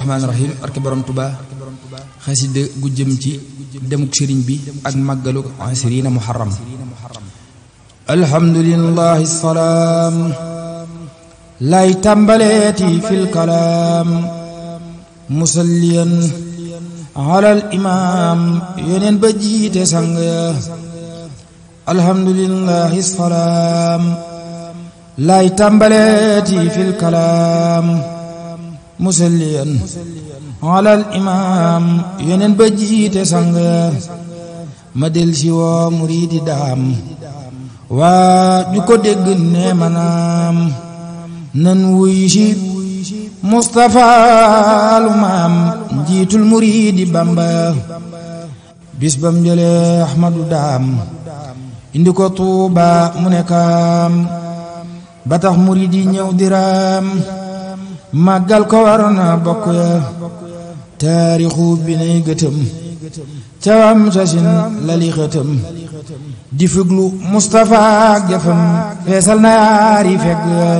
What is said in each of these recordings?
rahmaan rahim barke borom Tuba xasida ci demuk sëriñ bi ak màggalu asirina muharram alhamdulillahi salaam lay tàmbaleeti fil kalaam kalaam musalliyan alal imaam yeneen ba jiite sang ma del si woo daam waa ñu ko dégg ne manaam nan wuy si maam njiitul muriidi Bamba bis bam jëlee Ahmadu daam indi ko Tuuba mu ne kaam ba tax muriidi ñëw diraam màggal ko war na bokk ya taarixu bi nay gëtëm cawam sasin lali xëtëm di fuglu Mustapha jëfam feesal na yaari fegg ya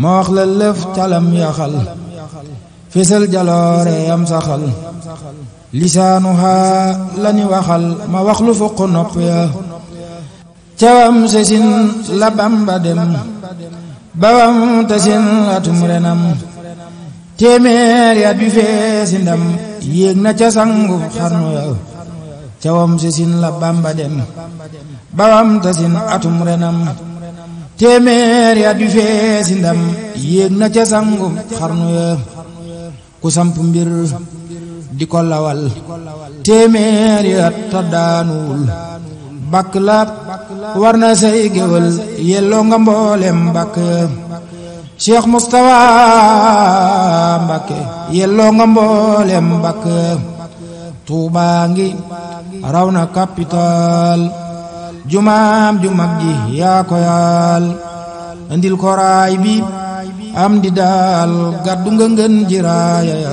moo wax la lëf calam yaxal fésal jaloore yam saxal lisaanuhaa lani waxal ma wax lu fuq nopp ya cawam sasin la Bamba dem bawam te seen atum renam téeméer yat na ca sangu cawam si sin la bamba bawam te sin atum renam téeméer yat na ca sangu ku samp mbir di ko lawal téeméer yat bakk la war na say géwël yelloo nga mboolem bakk Cheikh Moustapha Mbakke yelloo nga mboolem bakk Tuubaa raw na capital jumaam ju mag ji yaa ko yaal andil ko raay bi am di daal gàddu nga ngën ji raaya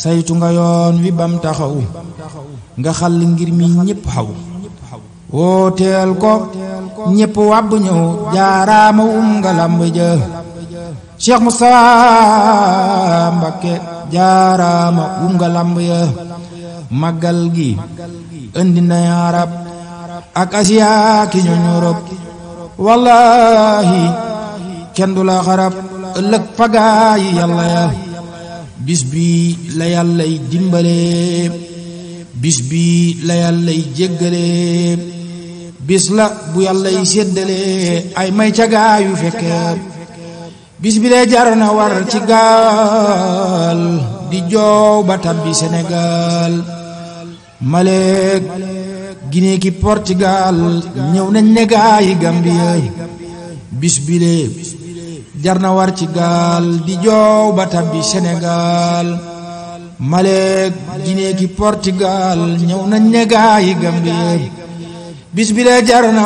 saytu nga yoon wi bam taxaw nga xàll ngir mi ñépp xaw wooteel ko ñépp wàbb ñëw jaaraama um nga lamb ja Cheikh Moussa Mbakke jaaraama um nga lamb ya màggal gi indi na arab ak asiya ki ñooñ Europe kenn du la xarab ëllëg pagaa yàlla ya bis bi la yàllay dimbale bis bi la yàllay jéggale bis la bu yàlla yi séddalee ay may ca yu fekkeer bis bi lee jar na war ci gaal di joow ba tabbi Sénégal Maleek Guinée ki Portugal ñëw nañ ne gaa bis bi jar na war ci gaal di joow ba tabbi Sénégal Maleek Guinée ki Portugal ñëw nañ ne gaa bis bi lee jar na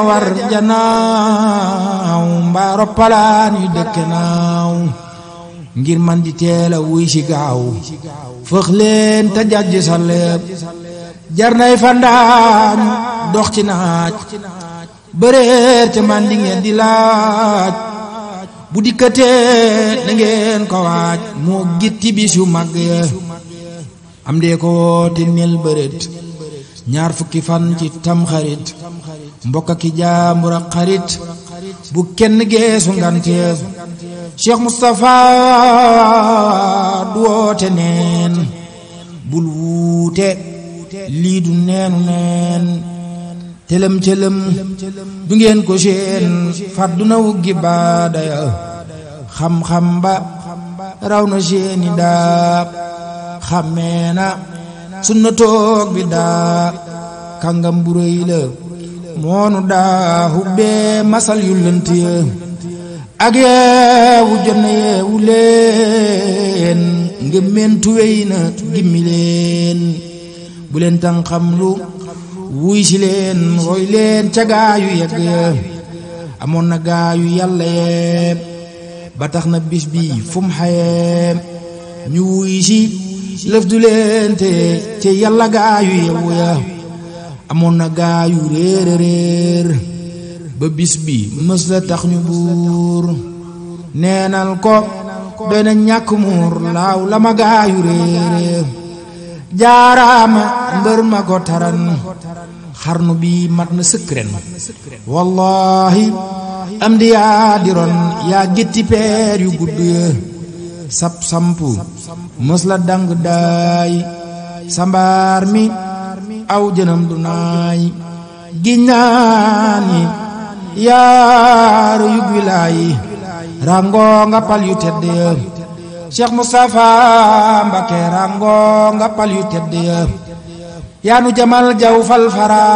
yu dëkk ngir man di teel a wuy si gaaw fëx leen te jàjj sa leeb dox ci naaj bëreer ca man di ngeen di laaj bu dikkatee da ko waaj moo gitti bis yu mag am dee ko woote nel bërët ñaar fukki fan ci tamxarit mbokk ki jaambur ak xarit bu kenn geesu nganteem Cheikh Moustapha du woote neen bul wuute lii du neenu neen tëlëm tëlëm du ngeen ko seen fàddu na wuggi baadaya xam-xam ba raw na seeni daab xàmmee na sunna toog bi daa kàngam bu rëy la moonu daa hubbee masal yu ya ak yeewu jonn yeewu leen ngëmmeen tuwéy na gimmi leen bu leen tan xam lu wuy si leen roy leen ca gaayu yegg ya amoon na gaayu yàlla yee ba tax na bis bi fu xayee ñu wuy si lëf du leente ci yàlla gaayu yewu ya amoon na gaayu réer ba bis bi mës la tax ñu buur neenal ko doy na ñàkk muur laaw la ma gaayu réer jaaraama mbër ma ko taran xarnu bi mat na sëkk ren wallahi am di yaa di yaa gétti peer yu gudd ya sab sampu mës la dang daay sambaar mi aw jënam du naay giññaani yaaru yug wilaayi rango nga pal yu tedd ya Cheikh Moustapha Mbacké rango nga pal yu tedd ya yaanu jamal jaw fal fara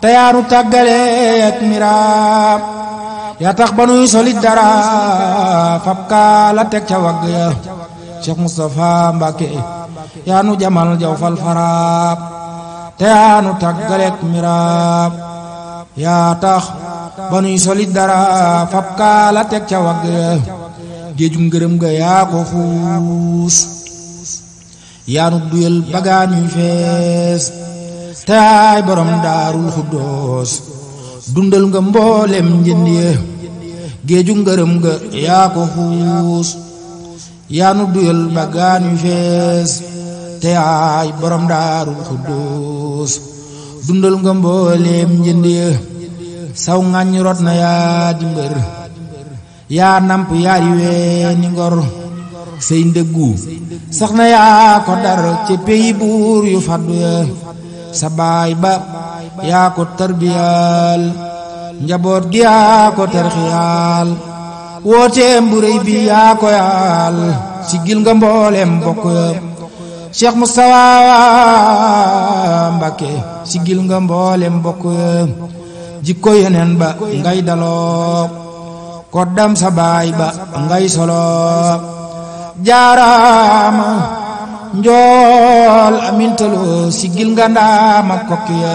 te yaanu tàggale ak miraam yaa tax ba nuy solit dara fab kaa la teg ca wagg ya Cheikh Moustapha Mbacke yaa nu jamal jaw faraab te yaa nu tàggaleek miraab yaa tax ba nuy solit dara fab kaa la teg ca wagg ya géejum ngërëm ga yaa ko fuus yaa nu duyal bagaan fees te yaay borom daarul xuddoos dundal nga mboolem njënd ya géeju ngërëm nga yaa ko xuus yaa nu duyal bagaan yu fees te yaay borom daarul xudduus dundal nga mboolem njënd ya saw ŋàññ rot na yaa di mbër yaa namp yaari weeni ngor say ndëggu sax na yaa ko dar ca pey buur yu faddu ya sa baay ba yaa ko tarbiyaal njaboot gi yaa ko tarxiyaal wooteem bu bi yaa ko yaal si nga mbooleem bokk ya Cheikh Moustapha Mbacké gil nga mbooleem bokk ya jikko yeneen ba ngay daloo koddam sa baay ba ngay soloo jaaraama njool amintaloo si gil nga ndaama kokki ya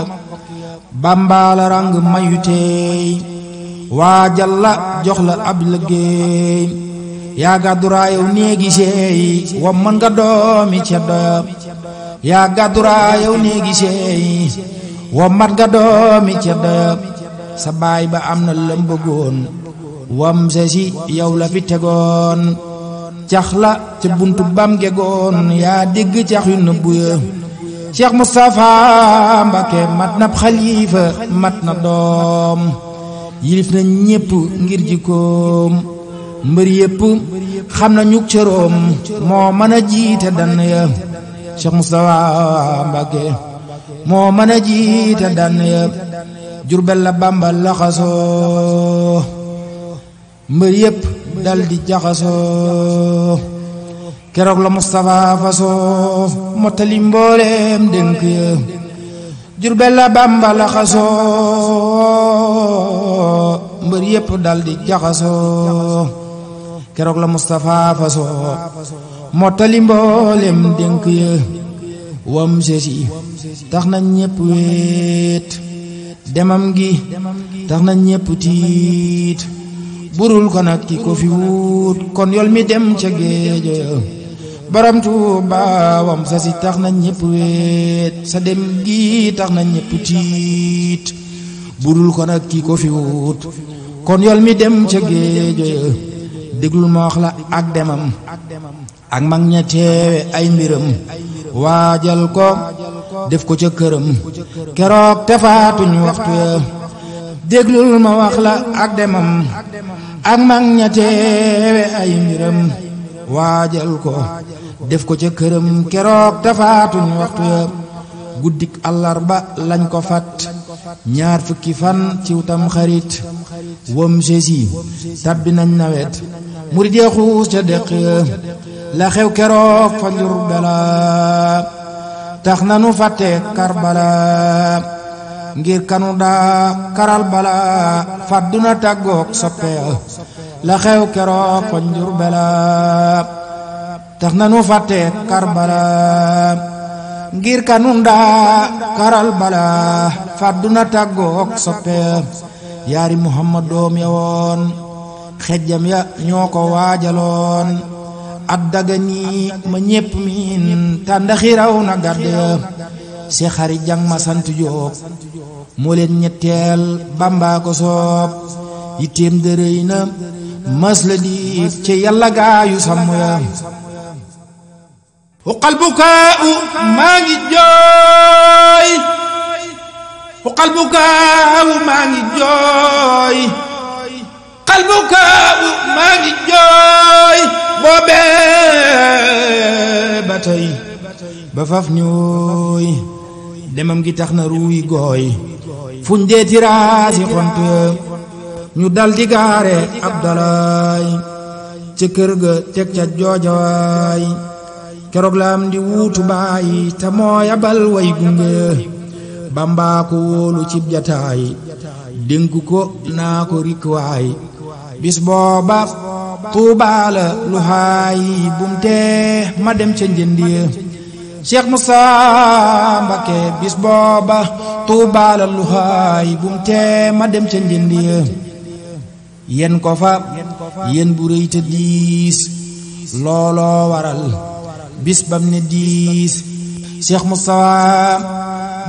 bàmbaa la ràng mayu teey waajal la jox la ab liggéey yaa gàdduraayow néegi seey wam mën nga doomi ceddo sa baay ba am na lëm bëggoon wam si yow la fi tegoon cax la ca bunt bam gegoon yaa dégg cax yu nëbbu ya Cheikh Moustapha Mbacké mat na xalifa mat na doom yilif na ñépp ngir jikkoom mbër yépp xam na ñuk cëroom moo mën a jiite dann ya Cheikh Moustapha Mbacké moo mën a jiite dann ya Jurbel la Bàmba laxasoo mbër yépp dal di jaxasoo keroog la Moustapha fasoo mottali mbooleem dénk ya Jurbel la Bàmba la xasoo mbër yépp dal di jaxasoo keroog la Moustapha fasoo mottali mbooleem dénk ya wam sesi tax na ñépp wéet demam gi tax na ñépp tiit burul ko nag ki ko fi wut kon yol mi dem ca géejo borom Tuuba wam sa si tax na ñëpp weet sa dem gi tax na ñëpp tiit budul ko nag kii ko fi kon yol mi dem ca géejo déglul ma wax la ak demam ak mag ña teewe ay mbiram waajal ko def ko ca këram keroog tefaatuñ waxtu ya déglul ma wax la ak demam ak mag ña teewe ay mbiram waajal ko def ko ca këram keroog tafaatuñ waxtu ya guddik àllarba lañ ko fàtt ñaar fukki fan ciw tam xarit wam sesi tàbbi nañ nawet murid ya xuus ca deq ya la xew keroog fa njur bala tax nanu fàtte karbala ngir kanu daa karal balaa fàdduna tàggoog soppe la xew keroog ko belaa tax na nu fàtte kar balaa ngir kanu daa karal balaa fàdduna tàggoog soppe yaari muhammad doom ya woon xejjam ya ñoo ko waajaloon at daga nii ma ñépp miin tàndaxiraw na gàdde si xari jang ma sant jóob moo leen ñetteel bàmbaa ko soob yitteem dërëy na mas la diig ci yàlla gaayu sàmm ya uqal bukaau maa ngi jooy uqal bukaau maa ngi jooy boobee ba tey ba faf ni demam gi tax na ruuy gooy fuñ dee tiraasi xontu ñu dal gaare abdalaay ca kër ga teg ca joojawaay keroog laam di wuutu bàyyi te moo way gunge bamba wóolu cib jataay dénk ko naa ko bis booba tuubaala lu haay bum ma dem ca njënd ya Cheikh Moussa Mbakke bis booba Tuubaa la luhaay bum tee ma dem ca njënd ya yéen ko fa yéen bu rëy te diis looloo waral bis bam ne diis Cheikh Moussa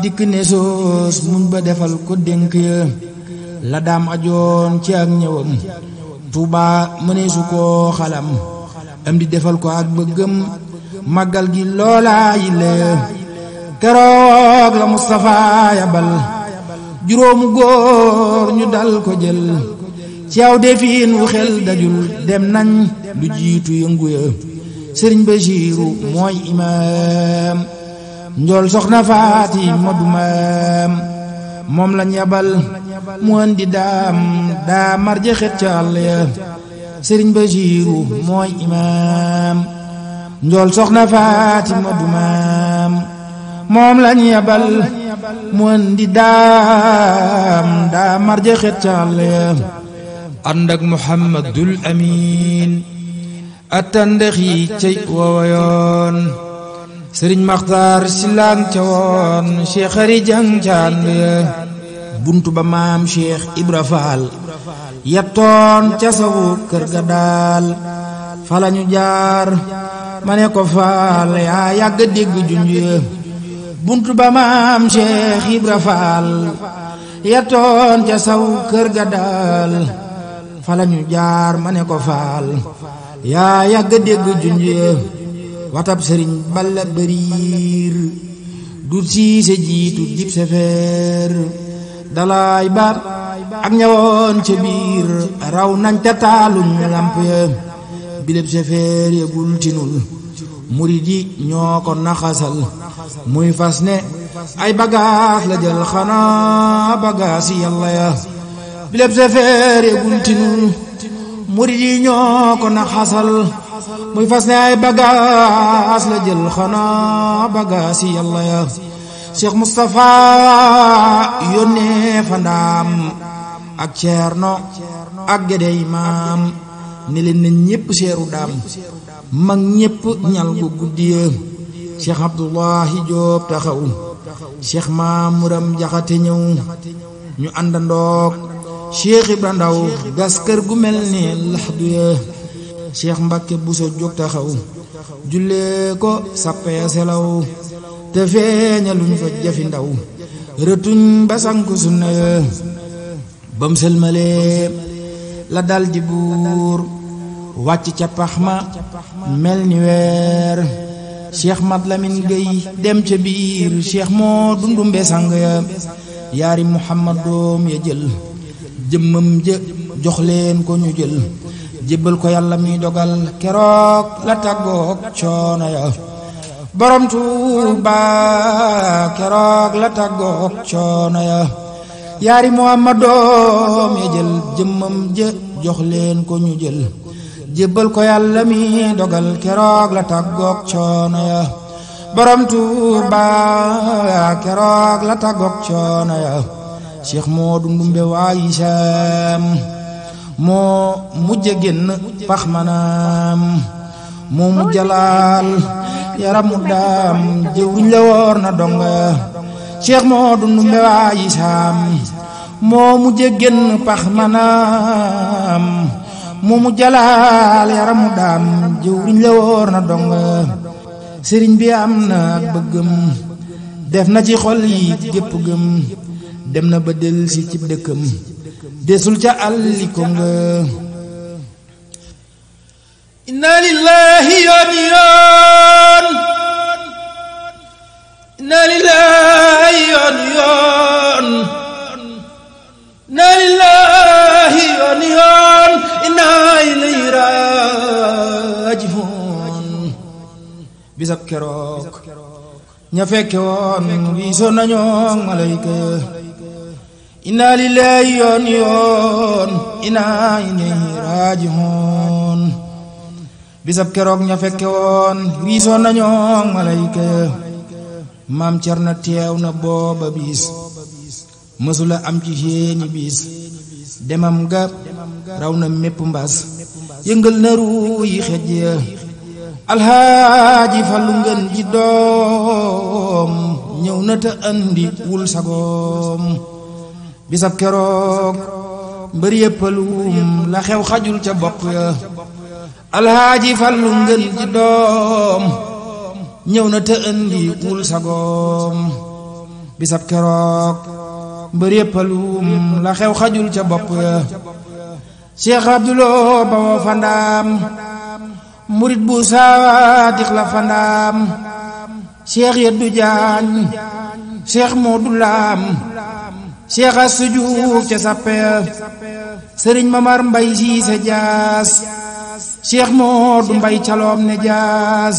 dikk ne soos mun ba defal ko dénk ya la daam ajoon ci ak ñëwam Tuubaa mëneesu koo xalam am defal ko ak bëggam màggal gi loolaa yi lee keroog la Moustapha yabal juróomu góor ñu dal ko jël ci aw defiin wu xel dajul dem nañ lu jiitu yëngu ya sëriñ Bachiru mooy imaam njool soxna faati modu maam moom lañ yabal mu andi daam daa marje xet ca ya sëriñ Bachiru mooy imaam njool soxna Faatima du maam moom lañ yabal mu andi daam daa marje xet càlleem ànd ak Muhammadul Amin attandex yi cey woowoyoon sëriñ Maxtaar Silaan ca woon Cheikh Ari Jang buntu ba maam Cheikh Ibra Faal yattoon ca sawu kër ga daal fa lañu jaar ma ne ko faal yaa yàgg dégg junjee buntu ba maam Cheikh Ibra Faal yettoon ca saw kër ga daal fa la jaar ma ne ko faal yaa yàgg dégg junjee watab sëriñ balla bëriir du siise jiitu jib sefeer dalaay baat ak ñawoon ca biir raw nañ te taaluñ lamp ya bileb sefeer ya guntinul murid yi ay bagaas la jël xanaa ya bileb sefeer ya guntinul ñoo ko naxasal muy fas ne ay bagaas la jël xanaa bagaas yi yàlla ya Cheikh Moustapha yónnee fa ndaam ak Ceerno ak Gédé Imaam ne leen na ñépp seeru daam mag ñépp ñal gu guddiya cheikh abdullahi joob taxaw cheikh maamuram jaxate ñëw ñu àndandoog cheikh ibra ndaw gas kër gu mel ne laxdu ya cheikh mbakke buso jóg taxaw jullee ko sappee selaw te feeñaluñ fa jafi ndaw rëtuñ ba sanku sunna ya bam sëlmalee la dal buur wàcc ca pax ma mel ni weer cheikh mat lamin géy dem ca biir cheikh moo dundu mbesang ya yaari muhammad doom ya jël jëmmam jë jox leen ko ñu jël jébbal ko yàlla mi dogal keroog la tàggoog coono ya borom tuuba keroog la tàggoog coono ya yaari muhammad doom ya jël jëmmam jë jox leen ko ñu jël jébbal ko yàlla mi dogal keroog la tàggoog coono ya borom Tuuba keroog la tàggoog coono ya Cheikh Moodu Ndumbe waayi saam moo mujj génn pax manaam moo mujj laal yaramu daam jëwriñ la woor na donga ya Cheikh Moodu Ndumbe waayi saam moo mujj génn pax manaam moomu jalaal yaramu daam jëwriñ la wóor na dong sëriñ bi am na ak bëggam def na ci xol yi gépp gëm dem na ba del si cib dëkkam desul ca àlli ko inna lillahi yoon yoon inna lillahi yoon yoon bisab keroog ña fekke woon wiisoon nañoo malayka inna lillahi yoon yoon inna ilayhi raajihoon bisab keroog ña fekke woon wiisoon nañoo malayka maam cer na teew na booba bis mësula am ci xéeni bis demam ga raw na mépp mbas yëngal na ruu yi xej alxaaji Fallu ngeen ji doom ñëw na te andi wul sagoom bisab keroog mbër yëppalum la xew xajul ca bokk ya alxaaji Fallu ngeen ji doom ñëw na te andi wul sagoom bisab keroog mbër yëppalum la xew xajul ca bokk ya Cheikh Abdoulaye Bawo Fandaam murit bu saadix la fandaam cheikh yeddu jaañ cheikh moodu laam cheikh asu juuf ca sappe sëriñ mamar mbay siise jaas cheikh moodu mbay caloom ne jaas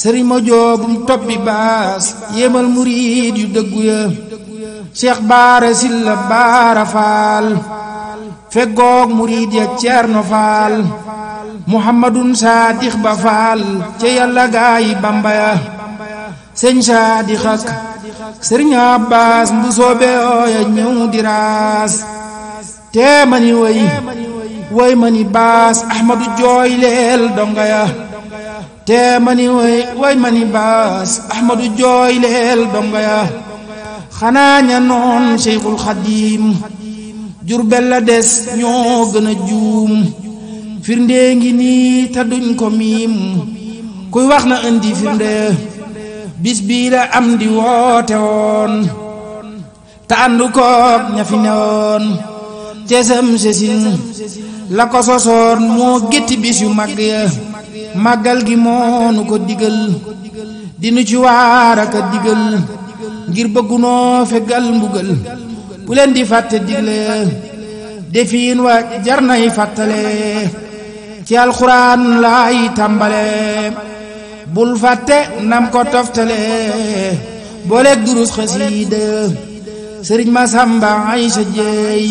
sëriñ ma joobum tobbi baas yéemal murit yu dëggu ya cheikh baara silla baara faal feggoog murit ya ceerno faal muhammadun saadix ba faal ca yàlla gaay bamba ya sëñ saadix ak sëriñ abbaas mbu soobe ooya ñëw di raas tee mani way way mani baas ahmadu jooy leel donga ya tee mani way way mani baas ahmadu jooy leel donga ya xanaa ña noon seyxul xadiim jurbel la des ñoo gën a juum firndee ngi nii te duñ ko miim kuy wax na indi firnde bis bii la am di woote woon te àndu koog ña fi newoon cesam sesin la ko sosoon moo gétti bis yu mag ya màggal gi moonu ko digal di nu ci waar ak a digal ngir bëggunoo fegal mbugal bu leen di fàtte digle defiin wa jar nay fàttale ci alxuraan laay tàmbale bul fàtte nam ko toftale booleeg durus xasiida sëriñ Masamba Aysa Jéey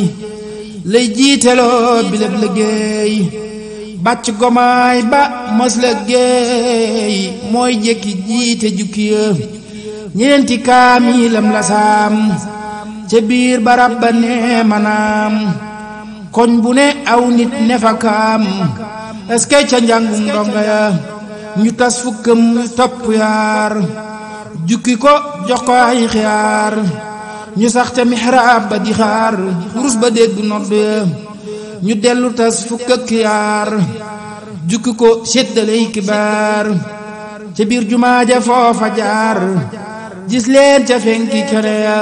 lay jiiteloo bileb liggéey bàcc gomaay ba mos liggéey mooy jékki jiite jukki ya kaamilam la saam ca biir barab ba nee manaam koñ bu ne aw nit ne est-ce que ca njàngum ndonga ya ñu tas fukkam topp yaar jukki ko jox ko ay xiyaar ñu sax ca mihraab ba di xaar rus ba dégg nodd ya ñu dellu tas fukk ak jukki ko séddaley kibaar ca biir jumaa ja foofa jaar gis leen ca fenki kele ya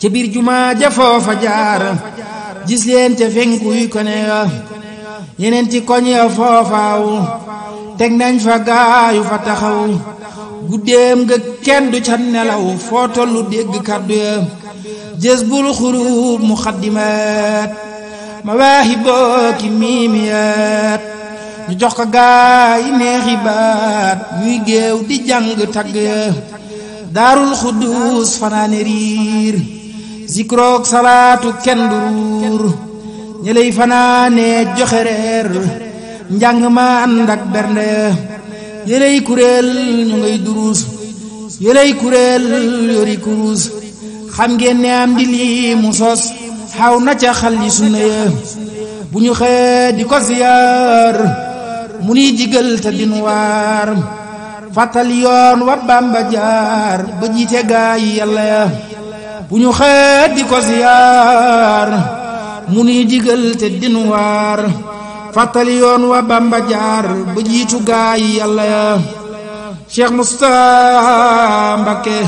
ca biir jumaa ja foofa jaar gis leen ca fenkuy kone ya ñeneenti koñ ya foofaawu teg nañ fa gaayu fa taxaw guddeem nga kenn du ca nelaw foo tollu dégg kàddu ya jës bul xurub muxaddimaat mawaahiboo ki miimiyaat ñu jox ko gaay neexi baat ñuy géew di jàng tagg ya daarul xudduus fanaane riir zikroog salaatu kenn du ñi lay fanaanee joxe njàng ma ànd ak bernde yëlay kuréel ñu ngay duruus yëlay kuréel yori kuruus xam ngeen ne am di lii mu sos xaw na ca xal yi sunna ya bu ñu xëyee di ko siyaar mu nuy jigal te dinu waar yoon wa Bàmba jaar ba jiite gaa yi yàlla ya bu ñu xëyee ko siyaar mu nuy digal te dinu waar yoon wa bamba jaar ba jiitu gaa yi yàlla ya cheikh moustapha mbakke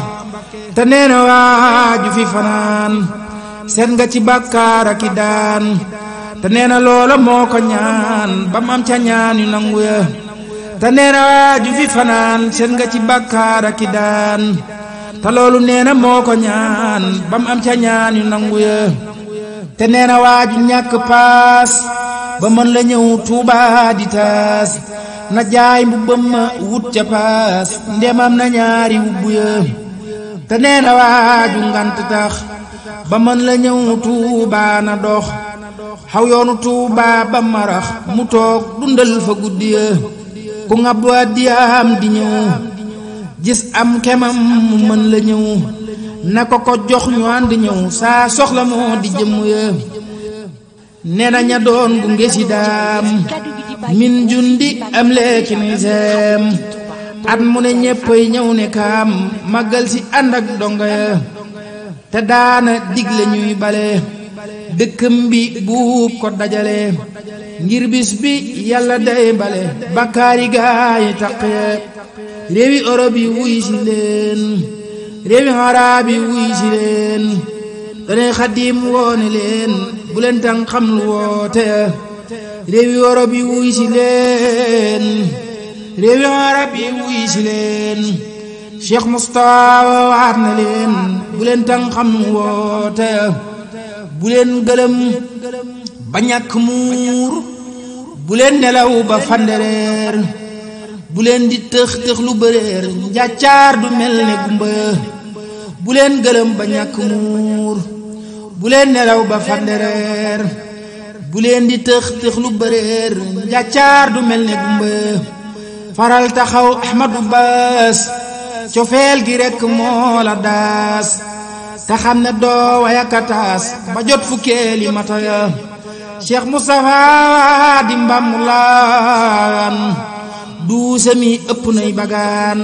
te nee na waaju fi fanaan seet nga ci bàkkaar ak i daan te loola moo ko ñaan ba am ca ñaan yu nangu ya te nee na waaju fi fanaan seet nga ci bàkkaar ak i daan loolu nee na moo ko ñaan ba am ca ñaan yu nangu ya te nee waa ju ñàkk paas ba mën la ñëw Tuuba di taas na jaay mbubbam ma wut ca paas ndemam na ñaari wubbu ya te nee waa ju ngant tax ba mën la ñëw Tuuba na dox xaw yoonu Tuuba ba marax mu toog dundal fa guddi ya ku ngab waa di di ñëw gis am kemam mu mën la ñëw na ko ko jox ñu ànd ñëw saa soxla moo di jëmm ya ne naña doon gunge si daam min jundi am leeki niseem at mu ne ñéppay ñëw ne kaam màggal si ànd ak donga ya te daana digle ñuy bale dëkkam bi buub ko dajale ngir bis bi yàlla day bale bakkaari gaay taq ya réewi Europe yi wuy si leen réewi xaraab yi wuy si leen danay xaddiim woone leen bu leen tàng xam lu woote réewi Yorob yi wuy leen réewi xaraab yi leen Cheikh Moustapha waat leen bu leen tàng xam lu woote bu leen gëlëm ba ñàkk muur bu leen nelaw ba fandereer bu leen di tëx tëx lu bëreer njàccaar du mel ne gumba bu leen gëlëm ba ñàkk muur bu leen nelaw ba fandereer bu leen di tëx tëx lu bëreer njàccaar du mel ne gumba faral taxaw ahmadu baas cofeel gi rekk moo la daas te xam ne doo wayakataas ba jot fukkeeli mata ya cheikh moustapha di mbàmmulaan duusami ëpp nay bagaan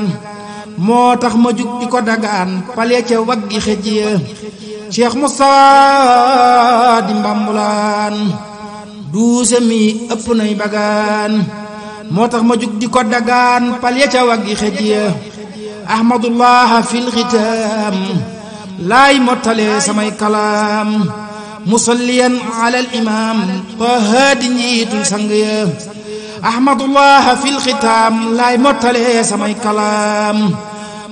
moo tax ma jug di ko dagaan pale ca waggi xëj ya Cheikh Moussa di mbambulaan duusami ëpp nay bagaan moo tax ma jug di ko dagaan pale ca waggi xëj ya ahmadullah fil xitaam laay mottalee samay kalaam musalliyan alal imaam ba haadi njiitul sang ya ahmadullah fi lxitaam laay mottalee samay kalaam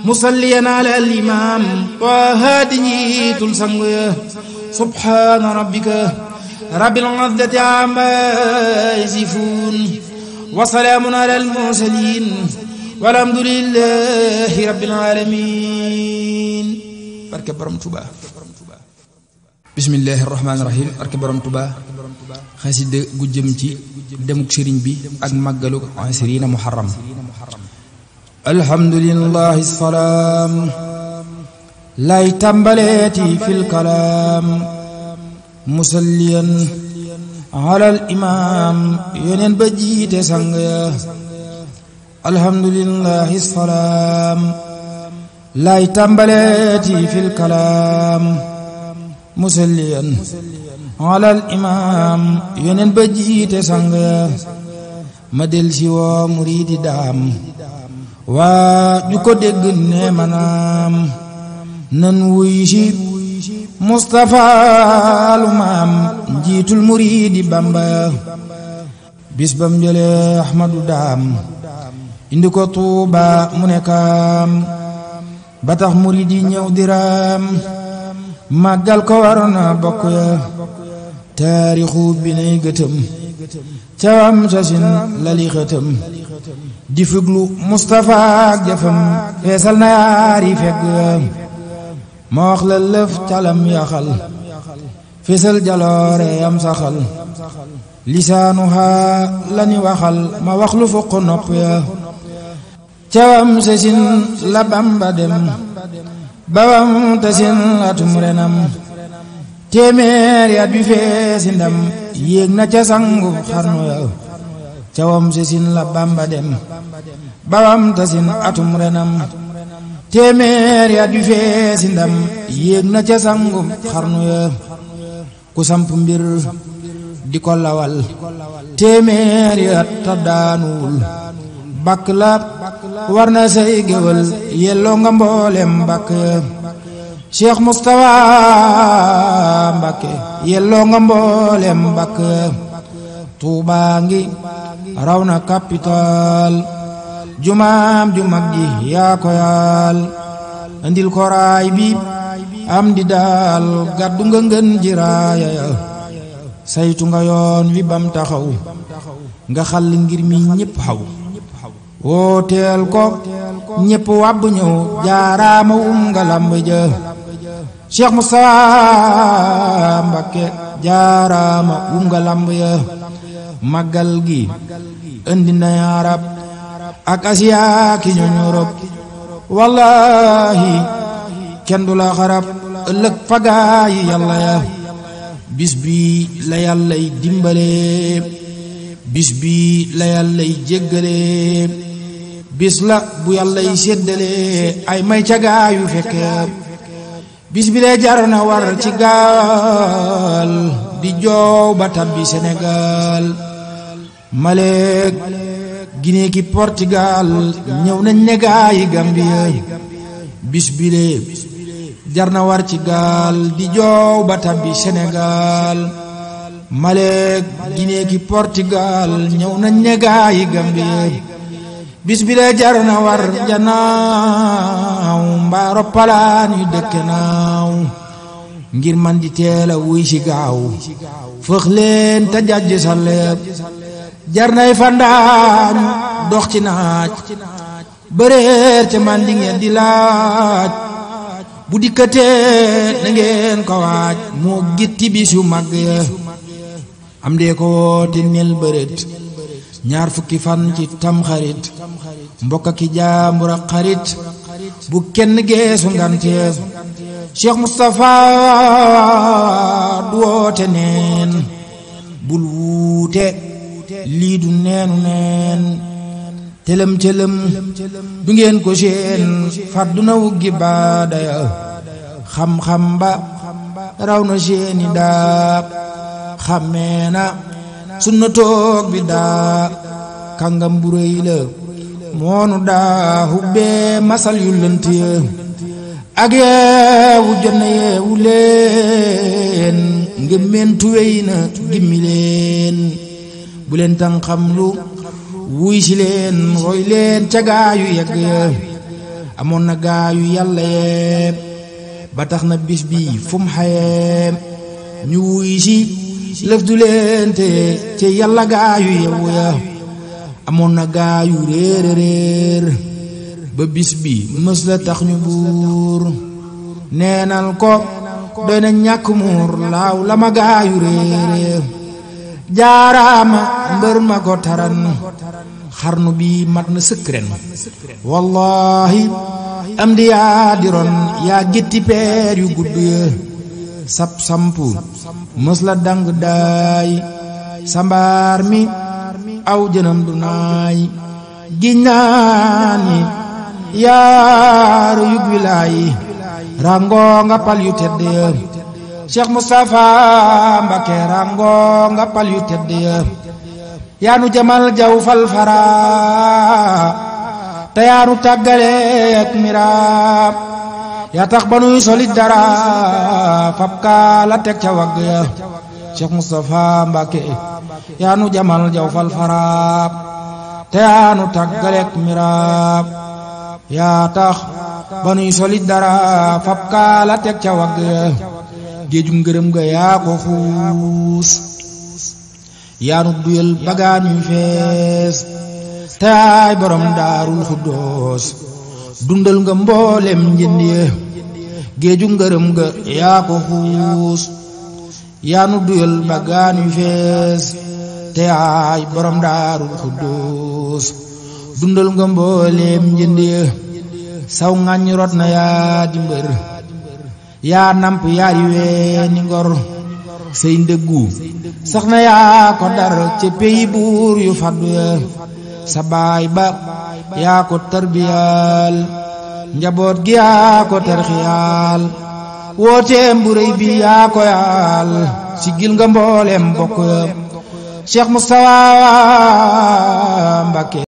musalliyan ala al imam wahaadi njiitul sang subhaana rabbika rabbil izzati ammaa yasifuun wa salaamun ala al mursaliin walhamdulillahi rabbil aalamiin barke borom Tuubaa bismillahi rahmaani rahiim barke borom Tuubaa xasida gu jëm ci demuk sëriñ bi ak màggalu asrina muharram alhamdulillahi salaam lay tàmbaleeti fi lkalaam musalliyan alal imaam yoneen ba jiite sang ya alhamdulillahi salaam lay tàmbaleeti fi lkalaam musalliyan alal imaam yoneen ba jiite sang ma del woo muriidi daam waa ñu ko dégg ne manaam nan wuy si Mustapha lu maam njiitul muriidi Bamba bis bam jëlee Ahmadu daam indi ko Tuuba mu ne kaam ba tax muriidi ñëw diraam màggal ko waroon a bokk ya taarixu bi nay gëtëm cawam sasin lali xëtëm di fuglu Mustapha ak jëfam feesal na yaari fegg ya moo wax la lëf calam yaxal fésal jaloore yam saxal lisaanu lani waxal ma wax lu fuq nopp ya cawam sasin la Bamba dem babam tasin atum renam téeméeri at bi yéeg na ca sangu xarnu ya cawam la bamba dem babam tasin atum renam téeméeri at bi yéeg na ca sangu ku samp di ko lawal téeméeri at ta bakk la war na say géwël yelloo nga mboolem bakk Cheikh Moustapha Mbakke yelloo nga mboolem bakk Tuubaa ngi raw na capital jumaam ju mag ji yaa ko yaal andil ko raay bi am di daal gàddu nga ngën ji raaya saytu nga yoon wi bam taxaw nga xàll ngir mi ñépp xaw wooteel ko ñépp wàbb ñëw jaaraama um nga lamb ja Cheikh Moussa Mbakke jaaraama um nga lamb ya màggal gi indi na arab ak asiya ki ñooñ Europe kenn du la xarab ëllëg fagaa yàlla ya bis bi la yàllay dimbale bis bi la yàllay jéggale bis la bu yàlla yi séddalee ay may ca gaayu bis bi lee jar na war ci gaal di joow ba tabbi Sénégal Maleek Guinée ki Portugal ñëw nañ ne gaayi bis bi lee jar na war ci gaal di joow ba bi Sénégal Maleek Guinée ki Portugal ñëw nañ ne gaayi bis bi jar na war janaaw mbaaro yu dëkke ngir man di teel a wuy si gaaw fëx leen te jàjj jar nay fandaañ dox ci naaj bëreer ca man di ngeen di laaj bu dikkatee na ko waaj moo gitti bis yu mag ya am dee ko woote nel bërët ñaar fukki fan ci tamxarit mbokk ki jaambur xarit bu kenn geesu nganteem Cheikh Moustapha du woote neen bul wuute lii du neenu neen tëlëm tëlëm du ngeen ko seen fàdduna wuggi baadaya xam-xam ba raw na seeni daab xamee na sunna toog bi daa kàngam bu réy la moonu daa hubbee masal yu ya ak yeewu jot na yeewu leen ngémmeentu wey na gimmi leen bu leen tan xam lu wuy si leen roy leen ca gaayu yegg ya amoon na gaayu yàlla yee ba tax na bis bi fu xayee ñu wuy si lëf du leen tee ci yàlla gaayu yewu ya amoon na gaayu réer réer ba bis bi mës la tax ñu buur neenal ko doy na ñàkk muur laaw la ma gaayu réer jaaraama mbër ma ko taran xarnu bi mat na sëkkren wallahi am di yaa diroon yaa gétti peer yu gudd ya sab sampu mës dang daay sambaar mi aw jënam du naay giñ naa yaaru yug wilaayi rango nga pal yu tedd ya Cheikh Moustapha Mbacké rango nga pal yu tedd ya yaanu jamal jaw fal fara tàggaleek miraab yaa tax ba nuy solit dara fab kaa la teg ca wagg ya Cheikh Moustapha Mbacke yaa nu jamal jaw faraab te yaa nu tàggaleek miraab yaa tax ba nuy solit dara fab kaa la teg ca wagg ya géeju ngërëm ga yaa ko fuus yaa nu duyal bagaan fees te borom daarul xuddoos dundal nga mboolem njënd géeju ngërëm ga yaa ko xuus yaa nu duyal mbagaan yu fees te yaay borom daarul xudduus dundal nga mbooleem njëndi saw ngañ rot na yaa di mbër yaa namp yaari weeni ngor say ndëggu sax na yaa ko dar ca peyi buur yu faddu ya sa baay ba yaa ko tarbiyal njaboot gi yaa ko tarxiyaal wooteem bu rëy bi yaa ko yaal siggil nga mbooleem bokk Cheikh Moustapha Mbacké